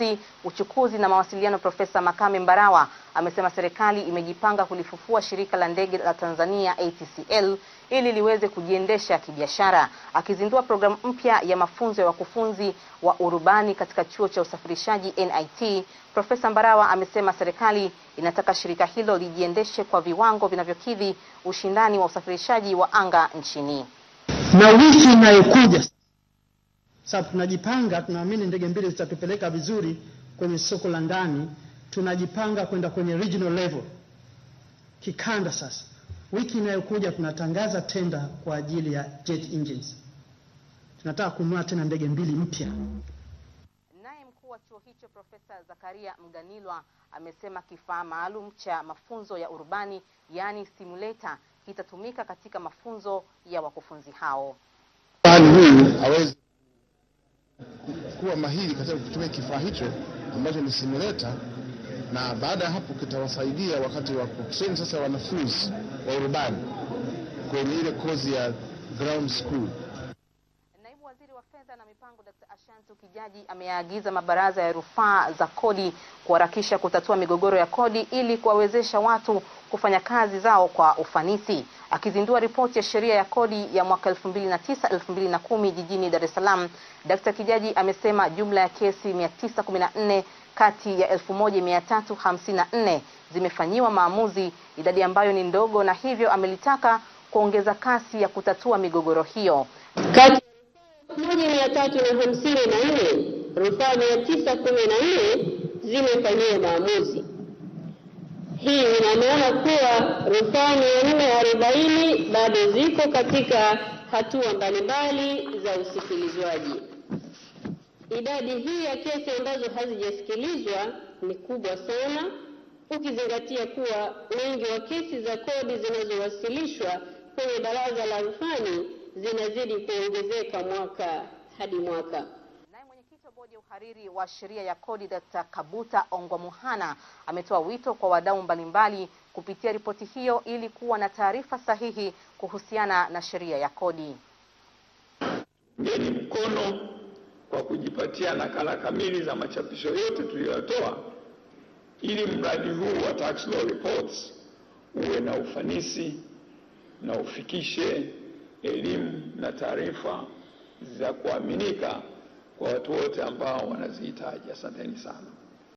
ujenzi, uchukuzi na mawasiliano Profesa Makame Mbarawa amesema serikali imejipanga kulifufua shirika la ndege la Tanzania ATCL ili liweze kujiendesha kibiashara. Akizindua programu mpya ya mafunzo ya wakufunzi wa urubani katika chuo cha usafirishaji NIT, Profesa Mbarawa amesema serikali inataka shirika hilo lijiendeshe kwa viwango vinavyokidhi ushindani wa usafirishaji wa anga nchini. Na wiki inayokuja sababu tunajipanga, tunaamini ndege mbili zitatupeleka vizuri kwenye soko la ndani. Tunajipanga kwenda kwenye regional level, kikanda. Sasa wiki inayokuja tunatangaza tenda kwa ajili ya jet engines. Tunataka kununua tena ndege mbili mpya. Naye mkuu wa chuo hicho Profesa Zakaria Mganilwa amesema kifaa maalum cha mafunzo ya urbani yani simulator kitatumika katika mafunzo ya wakufunzi hao kuwa mahiri katika kutumia kifaa hicho ambacho ni simulator, na baada ya hapo kitawasaidia wakati wa kutrain sasa wanafunzi wa urubani kwenye ile kozi ya ground school fedha na mipango Dr. Ashantu Kijaji ameyaagiza mabaraza ya rufaa za kodi kuharakisha kutatua migogoro ya kodi ili kuwawezesha watu kufanya kazi zao kwa ufanisi. Akizindua ripoti ya sheria ya kodi ya mwaka 2009 2010 jijini Dar es Salaam, Dr. Kijaji amesema jumla ya kesi 914 kati ya 1354 zimefanyiwa maamuzi, idadi ambayo ni ndogo, na hivyo amelitaka kuongeza kasi ya kutatua migogoro hiyo kati 1354 rufaa 914 zimefanyiwa maamuzi. Hii ina maana kuwa rufaa 440 bado ziko katika hatua mbalimbali za usikilizwaji. Idadi hii ya kesi ambazo hazijasikilizwa ni kubwa sana ukizingatia kuwa wengi wa kesi za kodi zinazowasilishwa kwenye baraza la rufani zinazidi kuongezeka mwaka hadi mwaka. Naye mwenyekiti wa bodi ya uhariri wa sheria ya kodi Dr. Kabuta Ongwamuhana ametoa wito kwa wadau mbalimbali kupitia ripoti hiyo ili kuwa na taarifa sahihi kuhusiana na sheria ya kodi. Ungeni mkono kwa kujipatia nakala kamili za machapisho yote tuliyotoa ili mradi huu wa tax law reports uwe na ufanisi na ufikishe elimu na taarifa za kuaminika kwa watu wote ambao wanazihitaji. Asanteni sana.